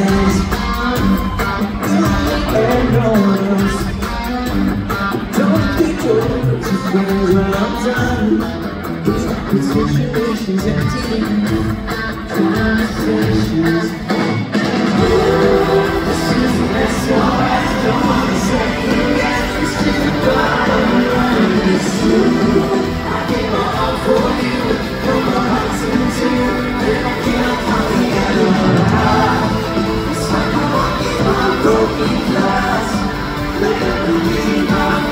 days And no one's Don't be doing to things when I'm done Cause the situation's empty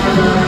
Thank you.